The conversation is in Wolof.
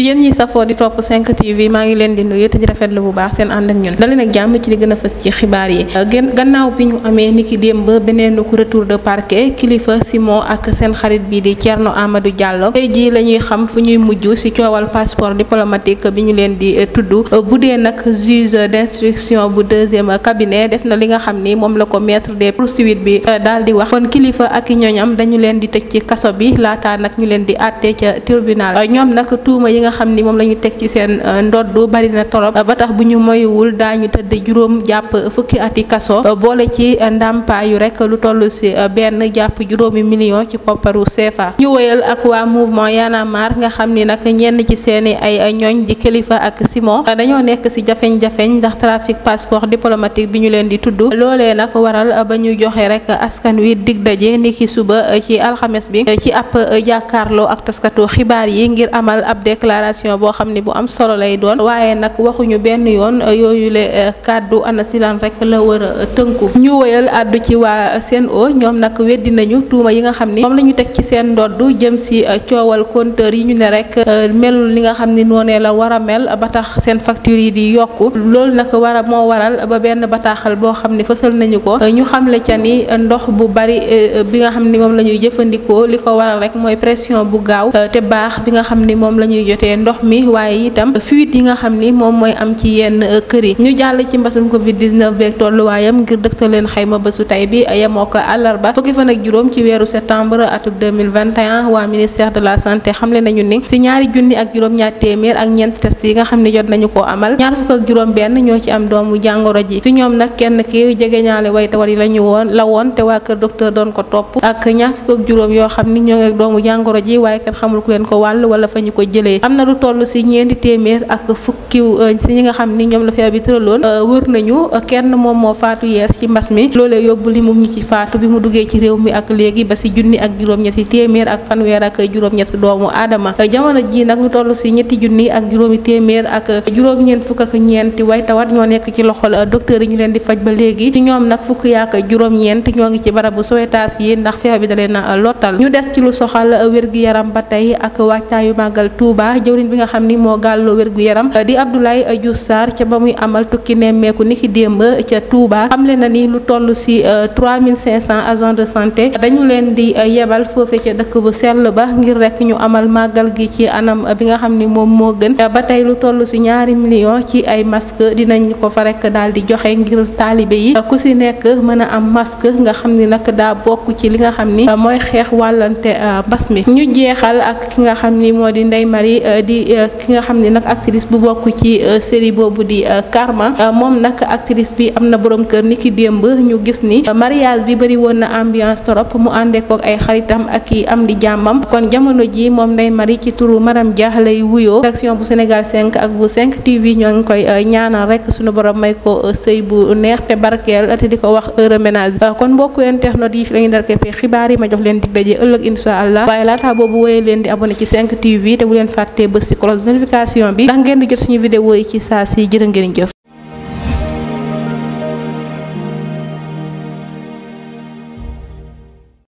yéen ñi safoo di topp 5 TV maa ngi leen di nuyu te di rafetlu bu baax seen ànd ñun daleen jàmm ci li gën a fës ci xibaar yi euh, gannaaw bi ñu amee niki démb beneen ko retour de parquet Kilifeu Simon ak seen xarit bi di Thierno Amadou Diallo tey jii la ñuy xam fu ñuy mujj ci coowal passeport diplomatique bi ñu leen di euh, tudd euh, bu dee nag juge d'instruction bu deuxième cabinet def na li nga xam ni moom la ko maître des poursuites bi daal di wax kon Kilifeu ak ñooñam dañu leen di tëj ci kaso bi laata nag leen di àtte ca tribunal nga xam ni moom la ñu teg ci seen euh, ndodd bari na torop ba tax bu ñu moywul daañu tëdd juróom jàpp fukki ati kaso euh, boole ci euh, ndàmpaayu rek lu toll si benn jàpp juróomi million ci kopparu CFA ñu wëyal ak waa mouvement Y'en a marre nga xam ni nag ñenn ci seeni ay ñooñ di Kilifeu ak Simon dañoo nekk si jafeñ-jafeñ ndax trafic passeport diplomatique bi ñu leen di tudd loolee nag waral ba ñu joxe rek askan wi dig daje ki suba ci alxames bi ci ab jàkkaarloo ak déclaration boo xam ni bu am solo lay doon waaye nag waxuñu benn yoon euh, yooyu le euh, kàddu ana silan rek la war a euh, tënku ñu woyal àddu ci waa Sen'Eau ñoom nag weddi nañu tuuma yi nga xam ni moom la ñu teg ci seen ndodd jëm si coowal compteur yi ñu ne rek melul li nga xam ni noonee la war a mel ba tax seen facture yi di yokku loolu nag war a moo waral ba benn bataaxal boo xam ni fësal nañu ko ñu xamle ca ni ndox bu bari bi nga xam ni moom la ñuy jëfandikoo li ko waral rek mooy pression bu gaaw te baax bi nga xam ni moom la ñuy coppite ndox mi waaye itam fuite yi nga xam ni moom mooy am ci yenn euh, kër yi ñu jàll ci mbasum covid 19 beeg tolluwaayam ngir dëktal leen xayma bésu tey bi yemoo ko àllarba fukki fan juróom ci weeru septembre atub waa ministère de la santé xamle nañu ni si ñaari junni ak juróom-ñaar téeméer ak ñeent test yi nga xam ne jot nañu koo amal ñaar fukk ak juróom benn ñoo ci am doomu jàngoro ji si ñoom nag kenn ki jege ñaale yi la woon la woon am na lu toll si ñeenti téeméer ak fukki euh, si ñi xam ni ñoom la feebar bi tëraloon euh, wër nañu kenn moom moo faatu yees ci mbas mi loolee yóbbu li mu ñi ci faatu bi mu duggee ci réew mi ak léegi ba si junni ak juróom-ñetti téeméer ak fanweer juróom-ñetti doomu aadama jamono ji nag lu toll si ñetti junni ak juróomi téeméer ak juróom-ñeent fukk ak ñeenti way tawat ñoo nekk ci loxol euh, docteur yi ñu leen di faj ba léegi ñoom nag fukk yaak juróom-ñeent ñoo ngi ci barabu Sowetaas yi ndax feebar bi da leen lottal ñu des ci lu soxal wér-gi-yaram ba tey ak wàccaayu màggal Tuuba jëwriñ bi nga xam ni moo gàlloo wér gu yaram di Abdoulaye Diouf Sarr ca ba muy amal tukki nemmeeku ni ki démb ca Touba xamle na ni lu toll si 3500 euh, agents de santé dañu leen di euh, yebal foofe ca dëkk bu sell ba ngir rek ñu amal màggal gi ci anam bi nga xam ni moom moo gën ba tey lu toll si ñaari million ci ay masque dinañ ko fa rek daal di joxe ngir taalibe yi ku si nekk mën a am masque nga xam ni nag daa bokk ci li nga xam ni euh, mooy xeex wàllante mbas mi ñu jeexal Euh, di euh, ki nga xam ne nag actrice bu bokk ci euh, série boobu di Karma moom nag actrice bi am na borom kër ni ki démb ñu gis ni mariage bi bëri woon na ambiance torop mu àndee koog ay xaritam ak i am di jàmmam kon jamono ji moom Ndeye mari ci turu Maram Dia lay wuyoo rédaction bu Sénégal 5 ak bu 5 TV ñoo ngi koy ñaanal rek suñu borom may ko sëy bu neex te barkeel te di ko wax heure ménage kon mbokk internet yi fi la ñu dal képp xibaar yi ma jox leen dig daje di abonné ci 5 fee bës si cloche bi ndax ngeen di suñu vidéo yi ci saa si jërë ngeen jëf